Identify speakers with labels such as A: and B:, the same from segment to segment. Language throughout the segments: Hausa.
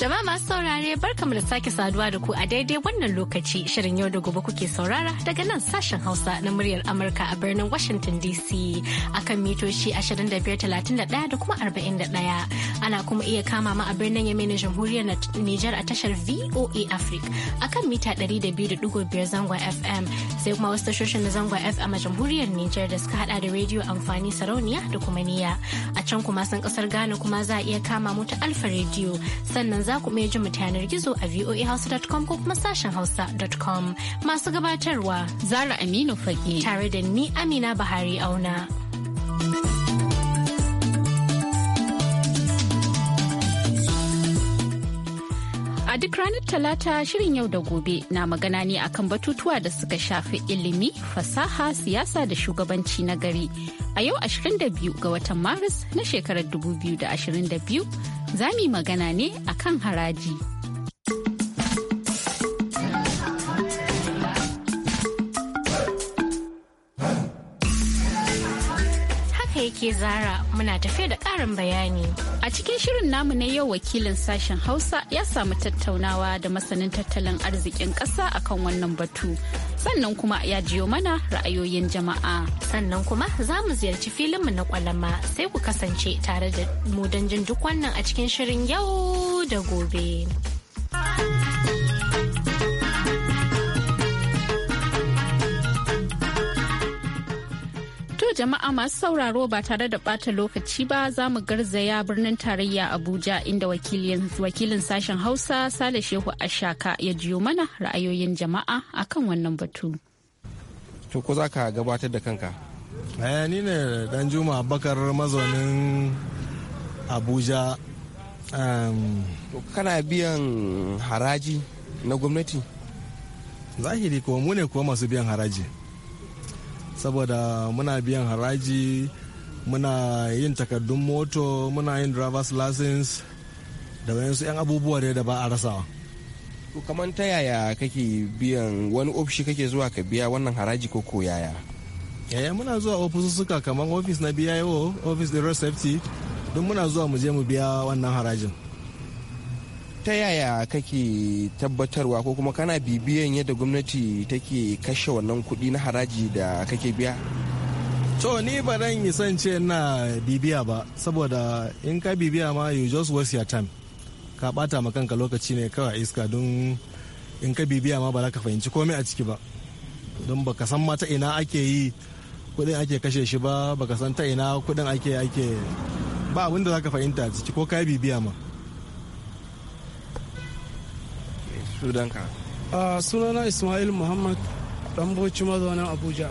A: Jama'a masu saurare barkamu da sake saduwa da ku a daidai wannan lokaci shirin yau da gobe kuke saurara daga nan sashen Hausa na muryar Amurka a birnin Washington DC akan mitoci 2531 da kuma 41. ana kuma iya kama ma a birnin yame na jamhuriyar Nijar a tashar VOA Africa a kan mita 200.5 zangon FM sai kuma wasu tashoshin na zangon FM a jamhuriyar Nijar da suka hada da rediyo amfani sarauniya da kuma niya a can kuma sun kasar Ghana kuma za a iya kama mu ta Alfa rediyo sannan za ku iya ji mu yanar gizo a voahouse.com ko kuma sashen hausa.com masu gabatarwa Zara Aminu Fage tare da ni Amina Bahari Auna.
B: A duk ranar Talata shirin yau da gobe na magana ne akan batutuwa da suka shafi ilimi, fasaha, siyasa da shugabanci na gari. A yau 22 ga watan Maris na shekarar 2022 za mu yi magana ne akan haraji. ke zara muna tafe da ƙarin bayani. A cikin shirin namu na yau wakilin sashen Hausa ya samu tattaunawa da masanin tattalin arzikin ƙasa akan wannan batu. Sannan kuma ya jiyo mana ra'ayoyin jama'a. Sannan kuma za mu ziyarci filinmu na kwalama sai ku kasance tare
A: da mu don jin duk wannan a cikin shirin yau da gobe.
B: jama'a masu sauraro ba tare da ɓata lokaci ba za mu garzaya birnin tarayya Abuja inda wakilin sashen Hausa Sale Shehu Ashaka ya jiyo mana ra'ayoyin jama'a akan wannan batu.
C: To ko za ka gabatar da kanka? Eh ni ne dan Juma Bakar mazaunin Abuja. kana biyan haraji na gwamnati? Zahiri kuwa mu ne kuwa masu biyan haraji. saboda muna biyan haraji muna yin takardun moto muna yin driver's license da wayansu 'yan abubuwa da ba a rasawa
D: kaman ta yaya kake biyan wani ofishi kake zuwa ka biya wannan haraji ko ko yaya
C: yaya muna zuwa suka kamar ofis na yawo ofis din safety don muna zuwa mu je mu biya wannan harajin ta yaya kake
D: tabbatarwa ko kuma kana bibiyan yadda gwamnati take kashe wannan kuɗi na haraji da
C: kake biya to ni ba zan yi son na bibiya ba saboda in ka bibiya ma you just waste your time ka bata ma kanka lokaci ne kawai iska don in ka bibiya ma ba za ka fahimci komai a ciki ba don baka san mata ina ake yi kudin ake kashe shi ba baka san ta ina kudin ake ake ba abinda za ka fahimta ciki ko ka bibiya ma sunanka a sunana ismail muhammad dan bauchi mazaunin abuja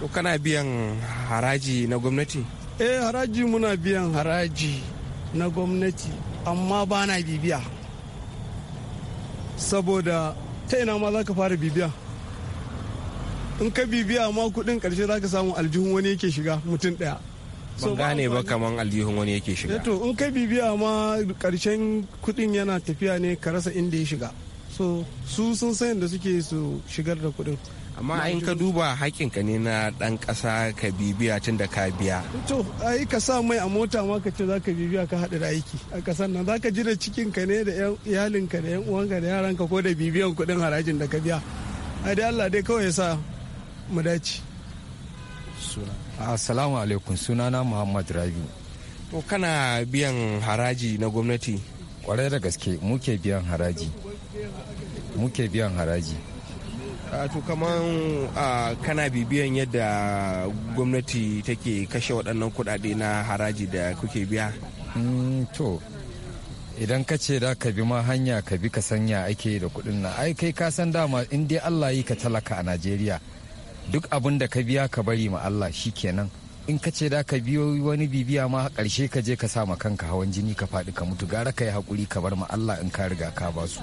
D: to kana biyan haraji na gwamnati
C: eh haraji muna biyan haraji na gwamnati amma ba na bibiya saboda ta ina ma za ka fara bibiya in ka bibiya ma kudin karshe za ka samu aljihun wani yake shiga mutum daya ban
D: gane ba kaman aljihun wani yake shiga eh to
C: in ka bibiya ma karshen kudin yana tafiya ne ka rasa inda ya shiga so su sun san yadda suke su shigar da kuɗin
D: amma in ka duba ka ne na ɗan ƙasa ka bibiya tun da ka biya
C: to ai ka sa mai a mota ma ka ce za ka bibiya ka haɗu da aiki a ƙasar nan za ka ji da cikinka ne da iyalinka da 'yan uwanka da yaranka ko da bibiyan kuɗin harajin da ka biya ai dai allah dai kawai ya sa mu dace
E: assalamu alaikum sunana muhammad rabi
C: to kana
D: biyan haraji na gwamnati kwarai da
E: gaske muke biyan haraji muke biyan haraji
D: to kaman kana bibiyan yadda gwamnati take kashe waɗannan kuɗaɗe na haraji da kuke biya
E: hmm, to idan ka ce da ka bi ma hanya ka bi ka sanya ake da kuɗin nan ai kai ka san dama in dai allah yi ka talaka a najeriya duk abin da ka biya ka bari ma allah shikenan in ka ce da ka biyo wani bibiya ma ƙarshe ka je ka sa ma kanka hawan jini ka faɗi ka mutu gara ka yi haƙuri ka bar ma allah in ka riga ka basu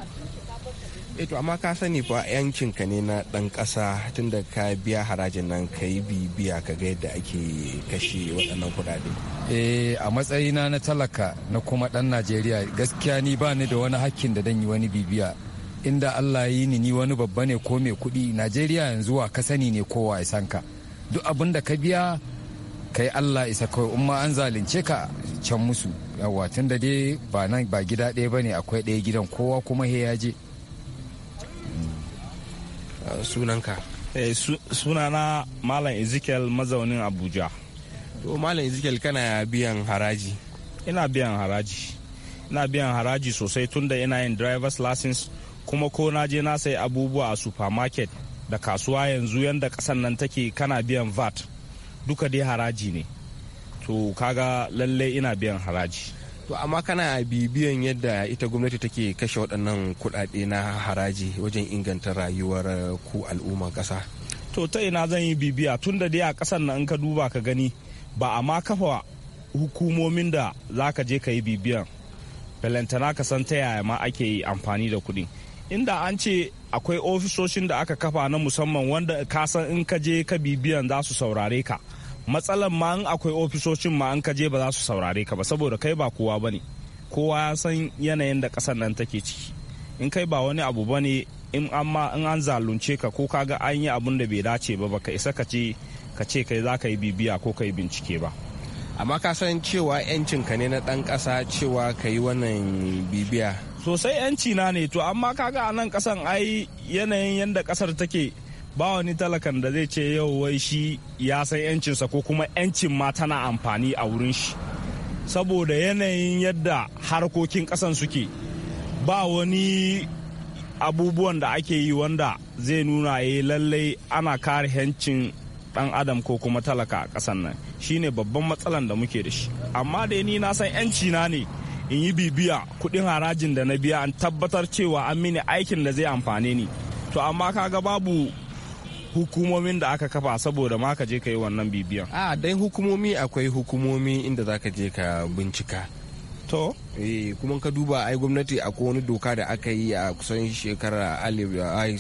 D: eh to amma ka sani fa yankin ka ne na dan kasa tunda ka biya harajin nan ka yi bibiya ka ga yadda ake kashe waɗannan kuɗaɗe
E: eh a matsayina na talaka na kuma dan najeriya gaskiya ni ba ni da wani hakkin da dan yi wani bibiya inda allah yi ni ni wani babba ne ko mai kuɗi najeriya yanzu wa ka sani ne kowa ya san ka duk abin da ka biya kai allah isa kawai in ma an zalunce ka can musu yawa tun da dai ba nan ba gida ɗaya ba ne akwai ɗaya gidan kowa kuma he ya je
D: sunanka eh,
E: sunana
D: malam
F: ezekiel mazaunin abuja to malam ezekiel kana biyan haraji ina biyan haraji ina biyan haraji sosai tunda ina yin driver's license kuma ko na je na sayi abubuwa a supermarket da kasuwa yanzu yadda kasan nan take kana
D: biyan vat duka dai haraji ne to kaga lalle ina biyan haraji to amma kana bibiyan yadda ita gwamnati take kashe waɗannan kuɗaɗe na haraji wajen inganta rayuwar eh, ku al'umma ƙasa to ta ina zan yi bibiya
F: tun da dai a ƙasar nan in ka duba ka gani ba a ma kafa hukumomin da za ka je ka yi bibiyan balantana ka san ta yaya ma ake yi amfani da kuɗi inda an ce akwai ofisoshin da aka kafa na musamman wanda ka san in ka je ka bibiyan za su saurare ka matsalan ma in akwai ofisoshin ma an ka je ba za su saurare ka ba saboda kai ba kowa ba ne kowa ya san yanayin da ƙasar nan take ciki in kai ba wani abu ba in in an zalunce ka ko kaga an yi abun da bai dace ba baka isa ka ce
D: ka ce kai za ka yi bibiya ko ka yi bincike ba amma ka san cewa ka ne na ɗan ƙasa cewa ka yi wannan bibiya sosai yanci na ne to amma kaga a nan
F: ƙasan ai yanayin yadda ƙasar take ba wani talakan da zai ce yau wai shi ya san yancinsa ko kuma yancin ma tana amfani a wurin shi saboda yanayin yadda harkokin ƙasan suke ba wani abubuwan da ake yi wanda zai nuna ya eh, lallai ana kare yancin dan adam ko kuma talaka a ƙasan nan shine babban matsalan da muke da shi amma da ni na san yanci na ne in yi bibiya kuɗin harajin da na biya an tabbatar cewa an mini aikin da zai amfane ni to amma kaga babu hukumomin da aka kafa saboda ma
D: ka je ka yi wannan bibiyan a dai hukumomi akwai hukumomi inda za ka je ka bincika to eh kuma ka duba ai gwamnati akwai wani doka da aka yi a kusan shekara alif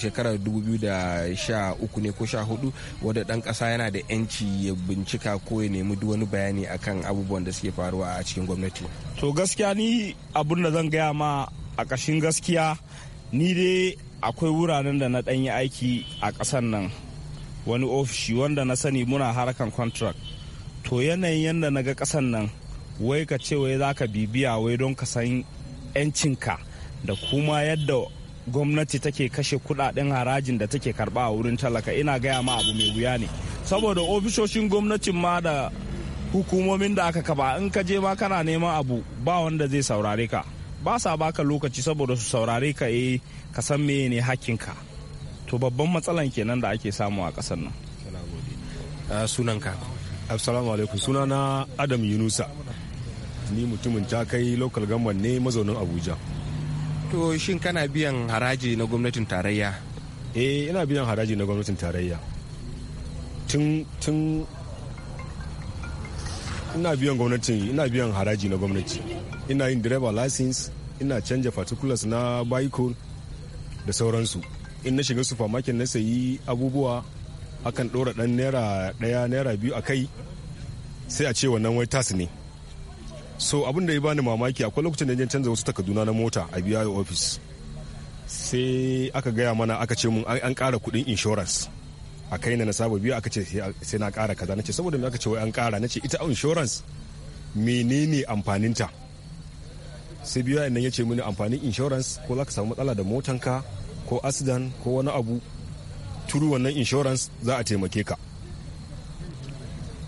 D: shekara 2013 ne ko sha hudu wadda dan kasa yana da yanci ya bincika ko ya nemi duk wani bayani akan abubuwan da suke faruwa a cikin gwamnati to gaskiya ni abin da zan gaya ma a kashin gaskiya ni dai
F: akwai wuraren da na ɗan yi aiki a ƙasar nan wani ofishi wanda na sani muna harkan contract to yanayin yadda na ga ƙasar nan wai ka ce wai za ka bibiya wai don ka san ka da kuma yadda gwamnati take kashe kudaden harajin da take karba a wurin talaka ina gaya ma abu mai wuya ne saboda ofishoshin gwamnatin ma da hukumomin da aka kaba in ka je ma kana neman abu ba wanda zai saurare ka ba sa baka lokaci saboda su saurare ka eh ka san meye ne hakkinka to babban matsalan kenan da ake samu a ƙasar nan
G: uh, sunanka assalamu alaikum sunana adam yunusa ni mutumin ta kai local government ne mazaunin abuja
D: to shin kana biyan haraji na gwamnatin tarayya eh ina biyan haraji na gwamnatin tarayya tun
G: ina biyan gwamnatin ina biyan haraji na gwamnati ina yin driver license ina canja particulars na baiko da sauransu in na shiga supermarket na sayi abubuwa akan dora dan naira ɗaya naira biyu a kai sai a ce wannan wai tas ne so abin da ya bani mamaki akwai lokacin da canza wasu takarduna na mota a biya office sai aka gaya mana aka ce mun an kara kudin insurance a kai na saba biyu aka ce sai na ƙara kaza na ce saboda me aka ce wai an ƙara na ce ita insurance menene amfaninta sai biyu nan ya ce mini amfanin insurance ko za ka samu matsala da motanka ko asidan ko wani abu turu wannan insurance za a taimake ka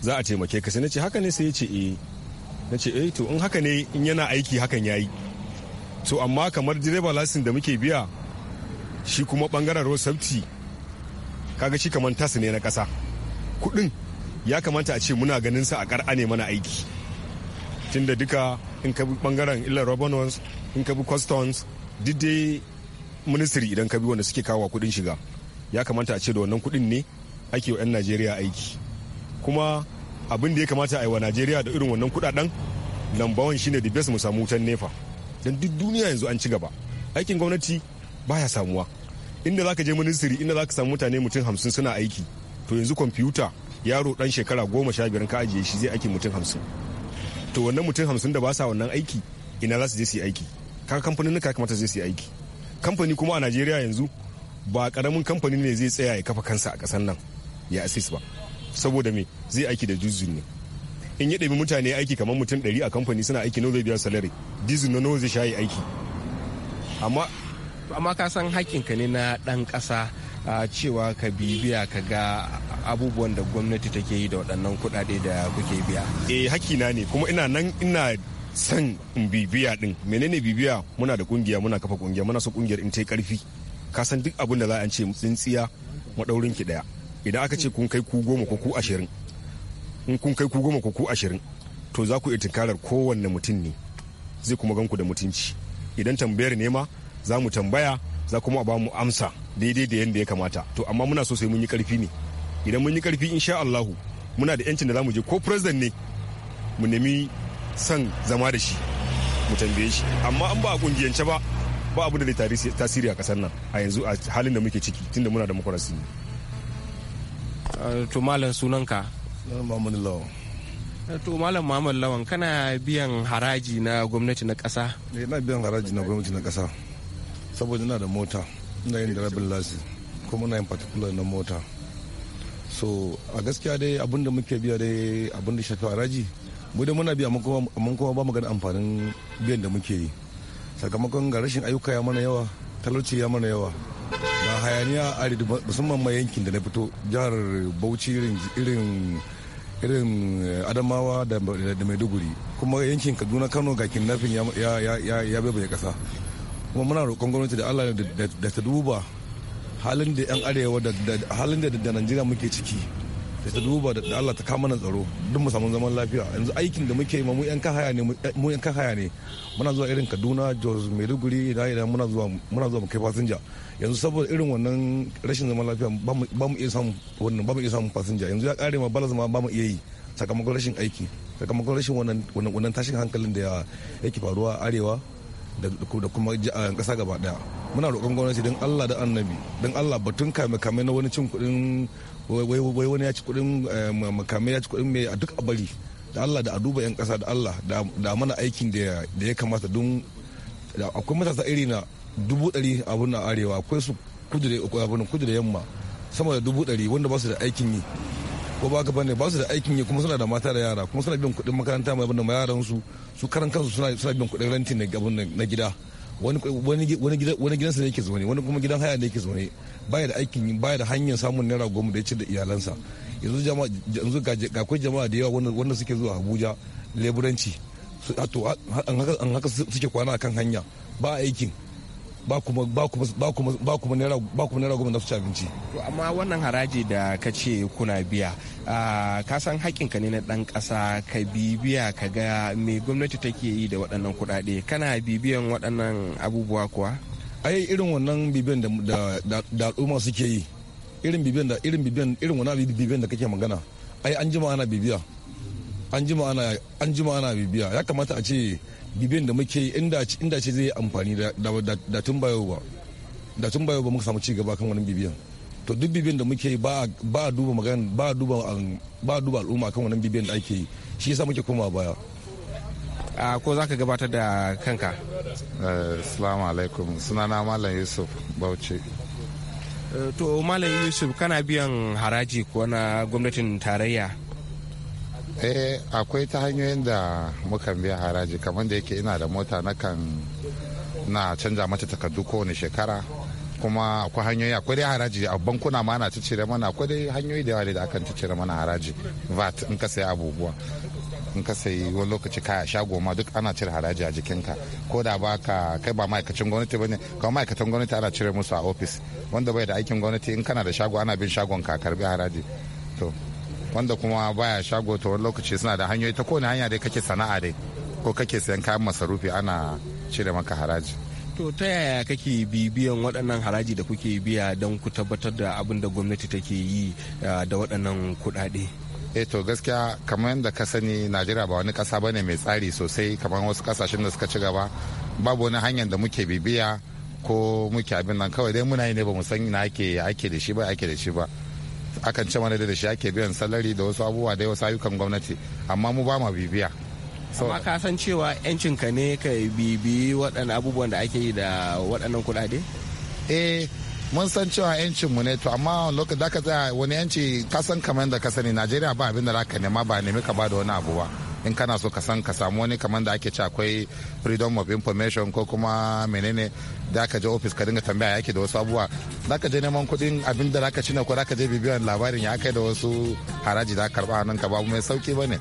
G: za a taimake ka sai na ce haka ne sai ya ce eh na ce eh to in haka ne in yana aiki hakan yayi to amma kamar direba lasin da muke biya shi kuma bangaren road safety kaga shi kamar tasu ne na ƙasa kuɗin ya kamata a ce muna ganin sa a ƙar'a mana aiki tunda duka in ka bi ɓangaren illar robinons in ka bi customs dai ministry idan ka bi wanda suke kawo kuɗin shiga ya kamata a ce da wannan kuɗin ne ake wa 'yan najeriya aiki kuma abin da ya kamata a yi wa najeriya da irin wannan kuɗaɗen lambawan shine the best mu samu wutan nefa don duk duniya yanzu an ci gaba aikin gwamnati baya samuwa inda zaka je ministry inda zaka samu mutane mutum hamsin suna aiki to yanzu kwamfuta yaro dan shekara goma sha biyar ka ajiye shi zai aiki mutum hamsin to wannan mutum hamsin da ba sa wannan aiki ina za su je su yi aiki kaga kamfanin ka kamata zai su yi aiki kamfani kuma a najeriya yanzu ba karamin kamfani ne zai tsaya ya kafa kansa a kasan nan ya assist ba saboda me zai aiki da dizin ne in ya ɗabi mutane aiki kamar mutum ɗari a kamfani suna aiki nawa zai
D: biya salari dizin na nawa zai shayi aiki amma amma ka san ka ne na ɗan ƙasa cewa ka bibiya ka ga abubuwan da gwamnati take yi da waɗannan kuɗaɗe da kuke biya eh na ne kuma ina nan ina san
G: bibiya din menene bibiya muna da kungiya muna kafa kungiya muna so kungiyar in ta yi karfi ka san duk abin da za a ce tsintsiya maɗaurin ki daya idan aka ce kun kai ku goma ko ku ashirin in kun kai ku goma ko ku ashirin to za ku iya tunkarar kowanne mutum ne zai kuma ganku da mutunci idan tambayar nema za mu tambaya za kuma ba mu amsa daidai da yadda ya kamata to amma muna so sai mun yi karfi ne idan mun yi karfi insha Allah muna da yancin da za mu je ko president ne mu nemi son zama da shi mu tambaye shi amma an ba a kungiyance ba ba abu da zai tasiri a kasar nan a yanzu a halin da muke ciki tunda muna da makwarasi
D: eh, to malam
G: sunanka
H: Muhammad Lawan
D: eh, to malam Muhammad Lawan kana biyan haraji na gwamnati na kasa
H: eh, ina biyan haraji na gwamnati na kasa saboda na da mota na yin darabin lasi kuma na yin particular na mota so a gaskiya dai abinda muke biya dai abinda shafi haraji mu muna biya mun kuma ba mu gani amfanin biyan da muke yi sakamakon ga rashin ayyuka ya mana yawa talauci ya mana yawa ga hayaniya a musamman ma yankin da na fito jihar bauchi irin irin adamawa da maiduguri kuma yankin kaduna kano ga kinnafin ya ya ya ya kasa kuma muna roƙon gwamnati da allah da ta duba halin da yan arewa da halin da da najeriya muke ciki da ta duba da allah ta kama na tsaro duk mu samu zaman lafiya yanzu aikin da muke mu yan kahaya ne mu yan kahaya ne muna zuwa irin kaduna jos maiduguri idan idan muna zuwa muna zuwa mu kai fasinja yanzu saboda irin wannan rashin zaman lafiya ba mu iya samu wannan ba mu iya samu fasinja yanzu ya kare ma balas ma ba mu iya yi sakamakon rashin aiki sakamakon rashin wannan tashin hankalin da yake faruwa arewa da kuma kasa gaba daya muna roƙon gwamnati don allah da annabi don allah batun kame kame na wani cin kuɗin wai wani ya ci kuɗin eh, makame ya ci kuɗin mai a duk a bari da allah da a duba yan kasa da allah da mana aikin da ya kamata don akwai matasa iri na dubu ɗari abun na arewa akwai su kudu da yamma sama da dubu ɗari wanda ba su da aikin yi ko ba ka bane ba su da aikin yi kuma suna da mata da yara kuma suna bin kuɗin makaranta mai abin da yaran su su karan kansu suna suna bin kuɗin rantin na gida wani wani gidansa ne yake zaune wani kuma gidan haya ne yake zaune baya da aikin baya da hanyar samun naira goma da ya ci da iyalansa yanzu jama'a yanzu ga kai jama'a da yawa wanda suke zuwa Abuja leburanci to an haka suke kwana kan hanya ba aikin ba kuma naira goma na su abinci
D: to amma wannan haraji da ka ce kuna biya ka san haƙƙinka ne na ɗan ƙasa ka bibiya ka ga me gwamnati take yi da
H: waɗannan kuɗaɗe kana bibiyan waɗannan abubuwa kuwa ai irin wannan bibiyan da da al'umma suke yi irin bibiyan da irin bibiyan irin wannan bibiyan da kake magana ai an jima ana bibiya an jima ana an jima ana bibiya ya kamata a ce bibiyan da muke inda inda ce zai amfani da tun bayo ba da tun bayo ba muka samu cigaba kan wani bibiyan to duk bibiyan da muke ba a duba magan ba a duba um, ba duba al'umma kan wani bibiyan da ake yi shi yasa muke koma baya
I: a ko za ka gabatar da kanka eh, assalamu alaikum sunana malam yusuf bauchi
D: eh, to malam yusuf kana biyan haraji ko na gwamnatin tarayya
I: eh akwai ta hanyoyin da mukan biya haraji kamar da yake ina da mota na kan na canza mata takardu kowane shekara kuma akwai hanyoyi akwai dai haraji a bankuna ma ana cicire mana akwai dai hanyoyi da yawa da akan cicire mana haraji vat in ka sayi abubuwa in ka sayi wani lokaci kaya shago ma duk ana cire haraji a jikinka ko da ba ka kai ba ma'aikacin gwamnati ba ne kawai ma'aikatan gwamnati ana cire musu a ofis wanda bai da aikin gwamnati in kana da shago ana bin shagon ka karbi haraji to wanda kuma baya shago ta lokaci suna da hanyoyi ta kowane hanya dai kake sana'a dai ko kake sayan kayan masarufi ana cire maka haraji
D: to ta yaya kake bibiyan waɗannan haraji da
I: kuke biya don ku tabbatar da abin da gwamnati take yi da waɗannan kuɗaɗe e to gaskiya kamar yadda ka sani najeriya ba wani ƙasa bane mai tsari sosai kamar wasu ƙasashen da suka ci gaba babu wani hanyar da muke bibiya ko muke abin nan kawai dai muna yi ne ba mu san ake da shi ba ake da shi ba akan ce mana da shi ake biyan salari da wasu abubuwa da wasu ayyukan gwamnati amma mu ba ma bibiya amma ka san cewa ka ne ka bibiyi waɗannan abubuwan da ake yi da waɗannan kuɗaɗe eh mun san cewa yancin mu ne to amma lokacin da ka tsaya wani yanci ka san kamar da ka sani najeriya ba abin da za ka nema ba nemi ka ba da wani abu ba in kana so ka san ka samu wani kamar da ake ce akwai freedom of information ko kuma menene da ka je ofis ka dinga tambaya yake da wasu abubuwa za ka je neman kudin abin da za ka ci ne ko za ka je bibiyan labarin ya kai da wasu haraji da karba nan ka babu mai sauki ba ne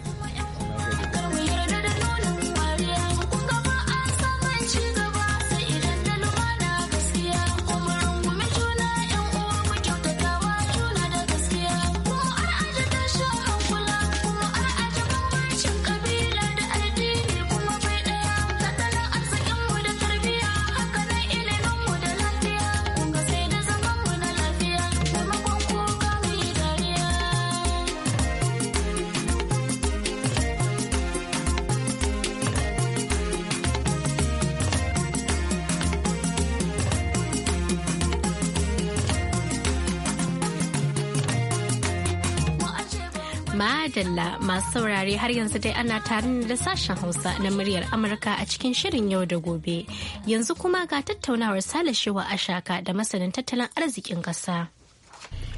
A: Madalla masu saurare har yanzu dai ana tare da sashen Hausa na muryar Amurka a cikin shirin yau da gobe. Yanzu kuma ga tattaunawar Sale a Ashaka da masanin tattalin arzikin ƙasa.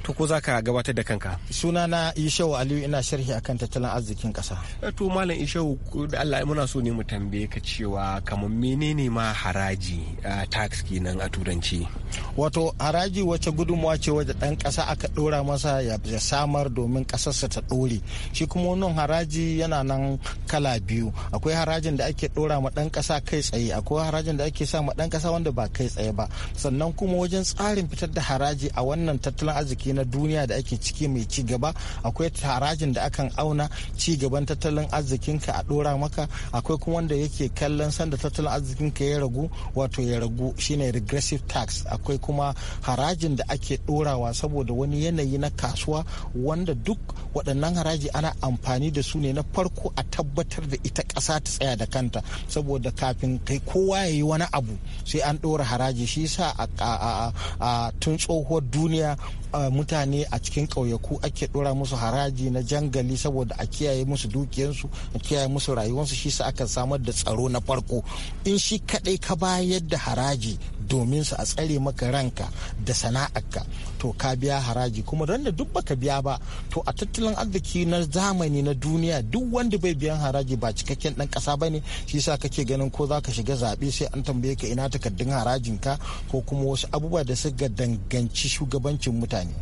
J: to ko za ka gabatar da kanka suna na ishawu aliyu ina sharhi akan tattalin arzikin kasa eh, to malam ishawu da allah muna so ne mu tambaye ka
D: cewa kamar menene ma haraji eh, tax kenan a turanci
J: wato haraji wace gudunmawa ce wadda dan kasa aka dora masa ya samar domin kasarsa ta dore shi kuma wannan haraji yana nan kala biyu akwai harajin da ake dora ma dan kasa kai tsaye akwai harajin da ake sa ma dan kasa wanda ba kai tsaye ba sannan kuma wajen tsarin fitar da haraji a wannan tattalin arziki na duniya da ake ciki mai ci gaba akwai harajin da akan auna ci gaban tattalin arzikinka a dora maka akwai kuma wanda yake kallon sanda tattalin arzikinka ya ragu wato ya ragu shine regressive tax akwai kuma harajin da ake dorawa saboda wani yanayi na kasuwa wanda duk waɗannan haraji ana amfani da su ne na farko a tabbatar da ita ƙasa ta tsaya da kanta saboda kafin kai kowa ya yi wani abu sai an ɗora haraji shi sa a tun tsohuwar duniya mutane a cikin ƙauyaku ake ɗora musu haraji na jangali saboda a kiyaye musu dukiyarsu a kiyaye musu rayuwarsu shi sa akan samar da tsaro na farko in shi kaɗai ka bayar da haraji domin su a tsare maka ranka da sana'arka to ka biya haraji kuma don da duk baka biya ba to a tattalin arziki na zamani na duniya duk wanda bai biyan haraji ba cikakken dan kasa bane shi yasa kake ganin ko zaka shiga zabe sai an tambaye ka ina takardun harajin ka ko kuma wasu abubuwa da suka danganci shugabancin mutane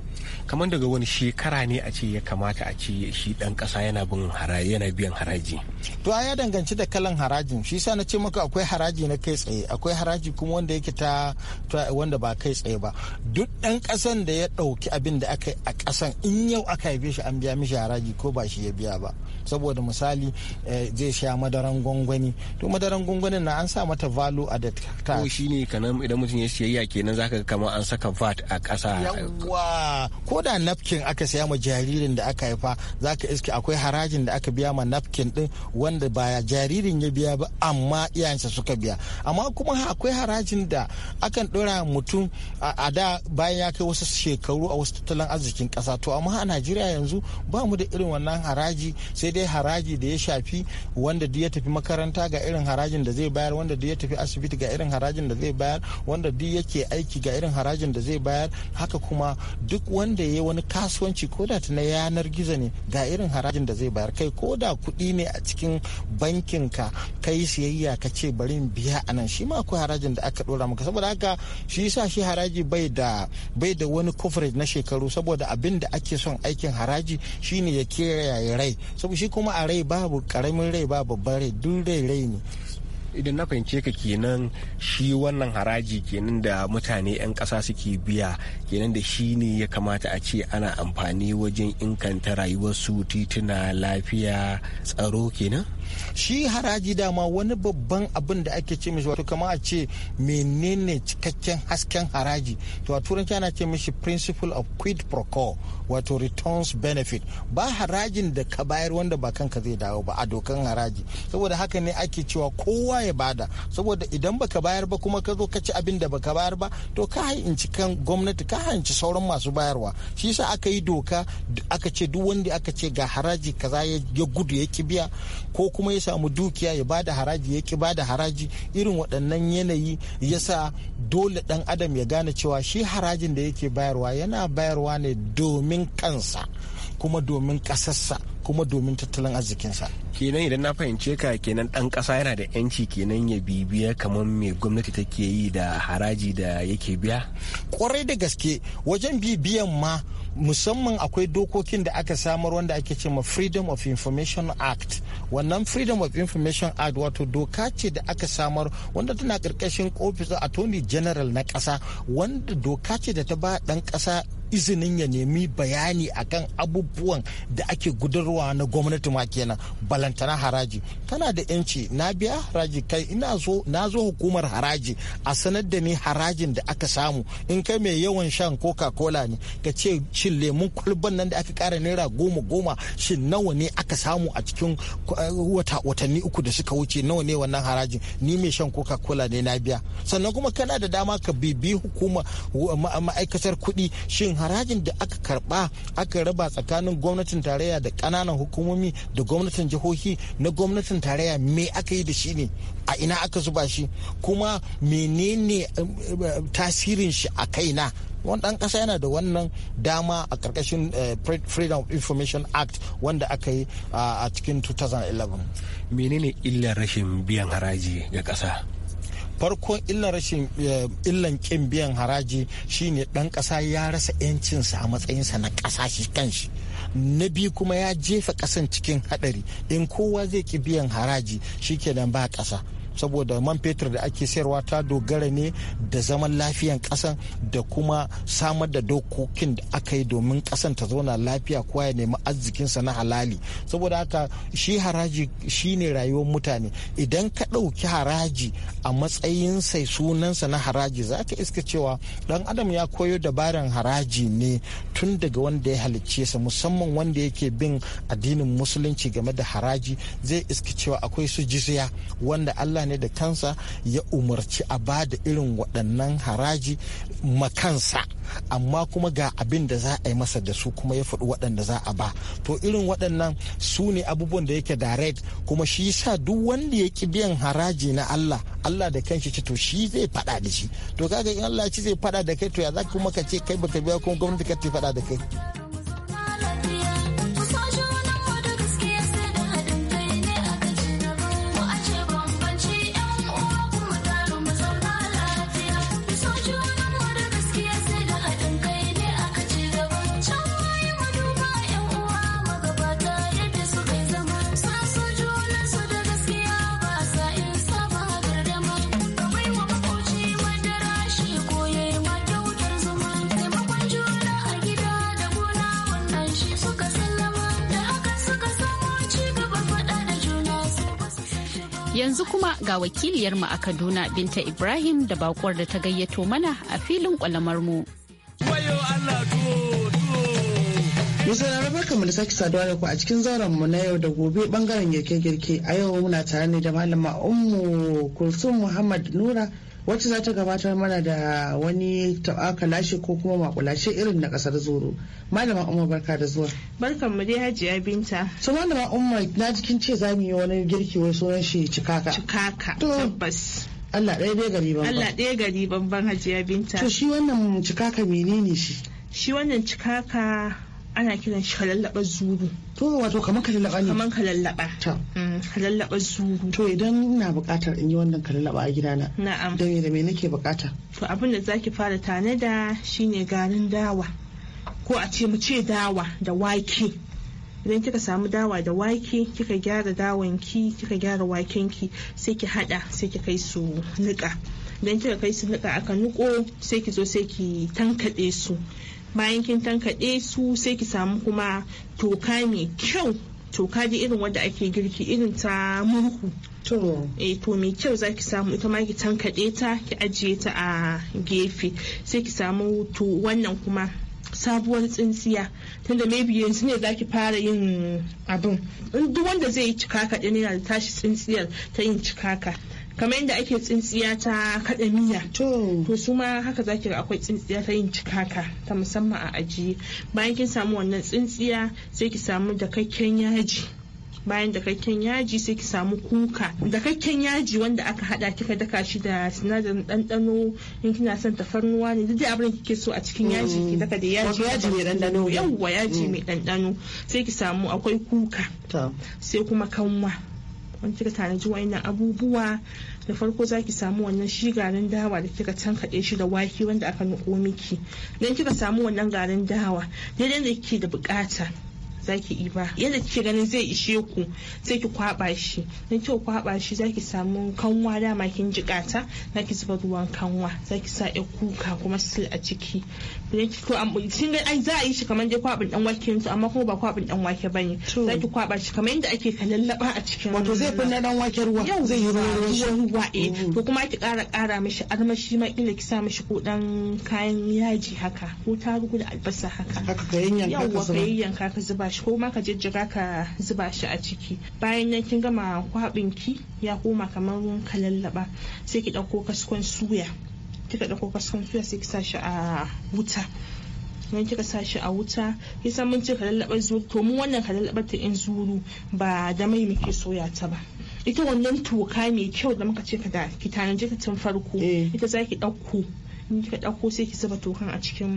J: kamar daga wani shekara ne a ce ya kamata a ce shi dan kasa yana bin haraji yana biyan haraji to ya danganci da kalan harajin shi yasa na ce maka akwai haraji na kai tsaye akwai haraji kuma wanda yake ta wanda ba kai tsaye ba duk ɗan ƙasan da ya ɗauki abin da aka yi a ƙasan in yau aka haife shi an biya mishi haraji ko ba shi ya biya ba saboda misali eh, zai sha madaran gwangwani to madaran gwangwani na an sa mata valo a ta ko
D: shine kanan idan mutum ya siya siyayya kenan zaka ga kamar an saka
J: vat a ƙasa yawa ko da napkin aka saya ma jaririn da aka haifa zaka iske akwai harajin da aka biya ma napkin din wanda ba jaririn ya biya ba amma iyayensa suka biya amma kuma akwai harajin da akan ɗora mutum a da bayan ya kai wasu shekaru a wasu tattalin arzikin ƙasa to amma a najeriya yanzu ba mu da irin wannan haraji sai dai haraji da ya shafi wanda duk ya tafi makaranta ga irin harajin da zai bayar wanda duk ya tafi asibiti ga irin harajin da zai bayar wanda duk yake aiki ga irin harajin da zai bayar haka kuma duk wanda ya wani kasuwanci ko da na yanar gizo ne ga irin harajin da zai bayar kai ko da kuɗi ne a cikin bankin ka kai siyayya ka ce bari biya a nan shi ma akwai harajin da aka ɗora maka saboda haka shi yasa shi haraji bai da bai da wani coverage na shekaru saboda abin da ake son aikin haraji shine ya kiyaye rai saboda shi kuma a rai babu karamin rai ba babban rai duk rai rai ne
D: idan na fahimce ka kenan shi wannan haraji kenan da mutane 'yan ƙasa suke biya kenan da shi ne ya kamata a ce ana amfani wajen inganta rayuwarsu tituna lafiya tsaro kenan
J: shi haraji dama wani babban abin da ake ce mishi wato kamar a ce menene cikakken hasken haraji to a turanci ana ce mishi principle of quid pro quo wato returns benefit ba harajin da ka bayar wanda ba kanka zai dawo ba a dokan haraji saboda haka ne ake cewa kowa ya bada saboda idan baka bayar ba kuma ka zo ka ci abin da baka bayar ba to ka hanci kan gwamnati ka hanci sauran masu bayarwa shi yasa aka yi doka aka ce duk wanda aka ce ga haraji kaza ya gudu ya biya ko kuma kuma ya samu dukiya ya ba da haraji ya ki da haraji irin waɗannan yanayi ya sa dole ɗan adam ya gane cewa shi harajin da yake bayarwa yana bayarwa ne domin kansa kuma domin kasarsa kuma domin tattalin arzikinsa.
D: kenan idan na fahimce ka kenan ɗan ƙasa yana da yanci kenan
J: ya bibiya kamar me gwamnati take yi da haraji da yake biya kwarai da gaske wajen bibiyan ma musamman akwai dokokin da aka samar wanda ake cewa freedom of information act wannan freedom of information act wato doka ce da aka samar wanda tana karkashin a attorney general na kasa wanda doka ce da ta ba dan kasa izinin ya nemi bayani akan abubuwan da ake gudarwa na gwamnati ma kenan balantana haraji tana da yanci na biya haraji kai ina so na zo hukumar haraji a sanar da ni harajin da aka samu in kai mai yawan shan coca cola ne ka ce shin lemun kwalban nan da aka kara naira goma goma shin nawa ne aka samu a cikin uh, wata watanni uku da suka wuce nawa ne wannan harajin ni mai shan coca cola ne na biya sannan kuma kana da dama ka bibi hukuma ma'aikatar kuɗi shin harajin da aka karba aka raba tsakanin gwamnatin tarayya da ƙananan hukumomi da gwamnatin jihohi na gwamnatin tarayya me aka yi da shi ne a ina aka zuba shi kuma menene eh, eh, tasirin shi a kaina wani ɗan ƙasa yana da wannan dama a ƙarƙashin eh, freedom of information act wanda aka yi a cikin 2011 menene
D: illar rashin biyan haraji ga
J: ƙasa farkon illan rashin eh, illan kin biyan haraji shine dan kasa ya rasa yancinsa a matsayinsa na kasa shi kanshi na biyu kuma ya jefa kasan cikin hadari in kowa zai ki biyan haraji shikenan ba kasa saboda man fetur da ake sayarwa ta dogara ne da zaman lafiyan kasan da kuma samar da dokokin da aka yi domin kasan ta zauna lafiya kowa ya nemi arzikinsa na halali saboda haka shi haraji shine rayuwar mutane idan ka ɗauki haraji a matsayin sai sunansa na haraji za ka iska cewa dan adam ya koyo dabaran haraji ne tun daga wanda ya halicce sa musamman wanda yake bin addinin musulunci game da haraji zai iska cewa akwai su jizya wanda Allah mutane da kansa ya umarci a ba da irin waɗannan haraji makansa amma kuma ga abin da za a yi masa da su kuma ya faɗi waɗanda za a ba to irin waɗannan su ne abubuwan da yake direct kuma shi sa duk wanda ya ki biyan haraji na Allah Allah da kanshi ce to shi zai faɗa da shi to kaga in Allah ci zai faɗa da kai to ya za kuma ka ce kai baka biya kuma gwamnati ka ce faɗa da kai
B: ga wakiliyarmu a Kaduna Binta Ibrahim da bakuwar da ta gayyato mana a filin mu.
K: Musana na mu da sake saduwa da ku a cikin zauren mu na yau da gobe bangaren girke-girke a yau muna tare ne da malama Ummu Kulsum Muhammad Nura wacce za ta gabatar mana da wani lashe ko kuma makulashe irin na ƙasar zoro malama umar barka da zuwa barkan mu dai hajiya binta so malama umar na jikin ce za mu yi wani girki wani sunan shi cikaka cikaka tabbas Allah ɗaya ɗaya gari ban Allah ɗaya gari ban hajiya binta to shi wannan cikaka menene shi shi wannan cikaka ana kiran shi kalallaba zuru to wato kamar kalallaba ne kamar kalallaba ta mm, kalallaba zuru to idan na bukatar in yi wannan kalallaba a gidana na'am don yadda me nake bukata to abin da zaki fara tanada shine garin dawa ko a ce mu ce dawa da wake idan kika samu dawa da wake kika gyara dawan ki kika gyara waken ki sai ki hada sai ki kai su niƙa idan kika kai su niƙa aka nuko sai ki zo sai ki tankade su bayan kin tankaɗe su sai ki samu kuma toka mai kyau toka da irin wanda ake girki irin ta murhu to eh, to mai kyau za ki samu ita ma ki tankaɗe ta ki ajiye ta a gefe sai ki samu to wannan kuma sabuwar tsintsiya tunda maybe yanzu ne zaki fara yin abin duk wanda zai yi cikaka ɗin yana da tashi tsintsiyar ta yin cikaka kamar yadda ake tsintsiya ta kadamiya to su ma haka zaki ga akwai tsintsiya ta yin cikaka ta musamman a ajiye bayan kin samu wannan tsintsiya sai ki samu dakakken yaji bayan dakakken yaji sai ki samu kuka dakakken yaji wanda aka hada kika daka shi da sinadarin dandano in kina son tafarnuwa ne duk da abin kike so a cikin yaji ki daka da yaji yaji mai dandano yawwa yaji mm. mai dandano sai ki samu akwai kuka sai kuma kanwa in kika tanaji wa'annan abubuwa da farko za ki samu wannan shi garin dawa da kika tankaɗe shi da wake wanda aka nuko miki don kika samu wannan garin dawa daidai da kike da bukata zaki yi ba yadda kike ganin zai ishe ku sai ki kwaba shi dan kyau kwaba shi zaki samu kanwa dama kin jikata ki zuba ruwan kanwa zaki sa ya kuka kuma sil a ciki dan ki ko kin ga ai za a yi shi kamar dai kwabin dan wake to amma kuma ba kwabin dan wake bane zaki kwaba shi kamar yadda ake kallallaba a cikin wato zai fi na dan wake ruwa zai yi ruwan ruwa eh mm-hmm. to kuma ki kara kara mishi armashi ma kila ki sa mishi ko dan kayan yaji haka ko tarugu da albasa haka haka ka yanyanka ka zuba shi ko ma ka jijjiga ka zuba shi a ciki bayan nan kin gama kwabin ki ya koma kamar ka lallaba sai ki dauko kaskon suya kika dauko kaskon suya sai ki sa shi a wuta idan kika sa shi a wuta kisan mun ce ka lallaba zuru to mu wannan ka lallaba ta in zuru ba da mai muke soya ta ba ita wannan toka mai kyau da muka ce ka da ki tanaji ta tun farko eh. ita za ki ɗauko in kika dauko sai ki zuba tokan a cikin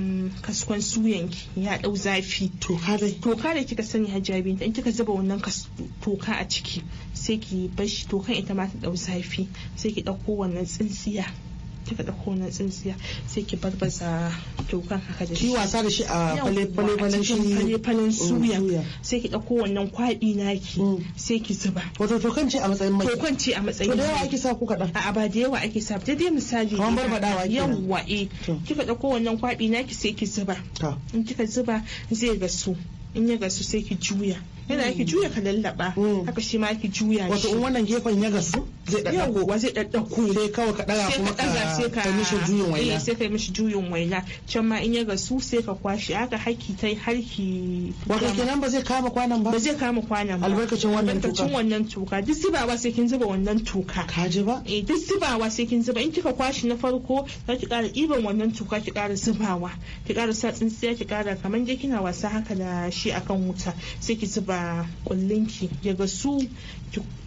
K: kaskon suyan ki ya dau zafi toka da toka da kika sani hajjabinta in kika zuba wannan toka a ciki sai ki bar tokan ita ma ta dau zafi sai ki dauko wannan tsintsiya kika dauko na tsintsiya sai ki barbaza tokan haka da shi wasa da shi a fale fale shi fale fale mm, suya sai ki dauko wannan kwaɗi naki mm. sai ki zuba wato tokan ce a matsayin mai tokan ce a matsayin to da yawa ake sa ku kaɗan a ba da yawa ake sa dai misali kan barbadawa yawa eh kika dauko wannan kwaɗi naki sai ki zuba in kika zuba zai gasu in ya gasu sai ki juya yana yake hmm. juya ka lallaba hmm. haka shi ma yake juya shi wato wannan gefen ya gasu zai daddako wa zai daddako sai kawai ka daga kuma ka ka mishi juyin waina eh, sai ka mishi juyin waina can ma in ya gasu sai ka kwashi haka haki tai harki wato kenan ba zai kama kwanan ba ba zai kama kwanan ba albarkacin wannan tuka albarkacin wannan tuka duk zubawa sai kin zuba wannan tuka ka ji ba eh duk zubawa sai kin zuba in kika kwashi na farko za ki kara iban wannan tuka ki kara zubawa ki kara sa tsintsiya ki kara kamar je kina wasa haka da shi akan wuta sai ki zuba zuba kullinki ya ga su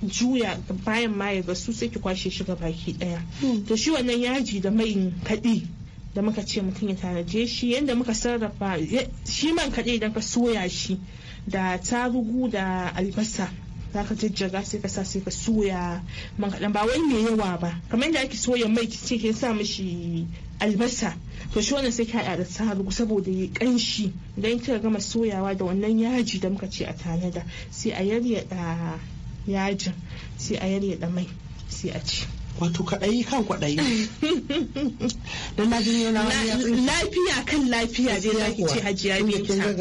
K: juya bayan ma ya ga su sai ki kwashe shi baki daya hmm. to shi wannan yaji da mai kaɗi da muka ce mutum ya tanaje shi yadda muka sarrafa shi man kadi idan ka soya shi da tarugu da albasa za ka jajjaga sai ka sa sai ka soya man kaɗan ba wai mai yawa ba kamar yadda ake soya mai ce ke sa mishi albasa to shi wannan sai ka haɗa da sarugu saboda ya ƙanshi idan kika gama soyawa da wannan yaji da muka ce a tanada sai a yaryaɗa yajin sai a yaryaɗa mai sai a ci wato kaɗai kan kwaɗayi da na jini yana lafiya kan lafiya dai za ki ce hajiya mai ga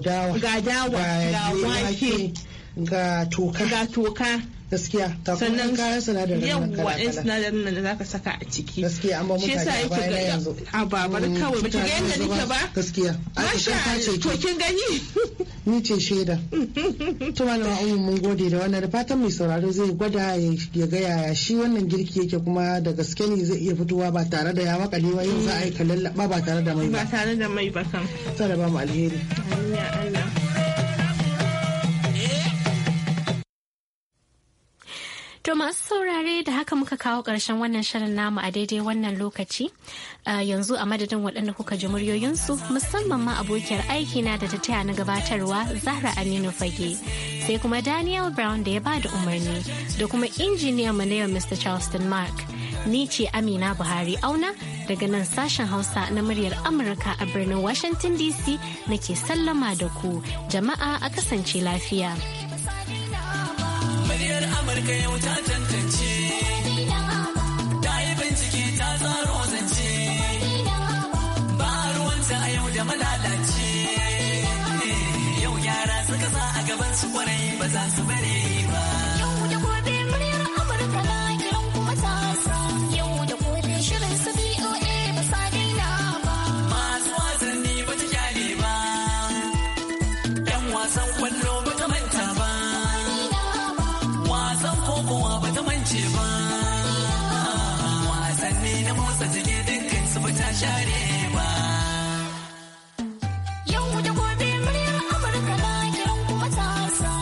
K: dawa ga dawa ga wake ga toka ga toka gaskiya sannan kayan sinadarin nan kala kala sinadarin nan da zaka saka a ciki gaskiya amma ba mutane a baya na yanzu a babar mm, kawai bata ga yadda nake ba gaskiya masha Allah to kin gani ni ce shaida to malama ummu mun gode da wannan Rufatan fatan mai sauraro zai gwada ya ga yaya shi wannan girki yake kuma da gaske ne zai iya fitowa ba tare da ya makale Wa yau za a yi kalalla ba tare da mai ba ba tare da mai ba kan sai da ba mu alheri
A: amin ya Allah To masu saurare da haka muka kawo ƙarshen wannan shirin namu a daidai wannan lokaci yanzu a madadin waɗanda kuka ji muryoyinsu musamman ma abokiyar aiki na da ta taya na gabatarwa Zahra Aminu Fage sai kuma Daniel Brown da ya ba da umarni da kuma injiniyan mu na yau Mr. Charleston Mark. Ni ce Amina Buhari auna daga nan sashen Hausa na muryar Amurka a birnin Washington DC nake sallama da ku jama'a a kasance lafiya.
L: muryar Amurka yau ta tantance.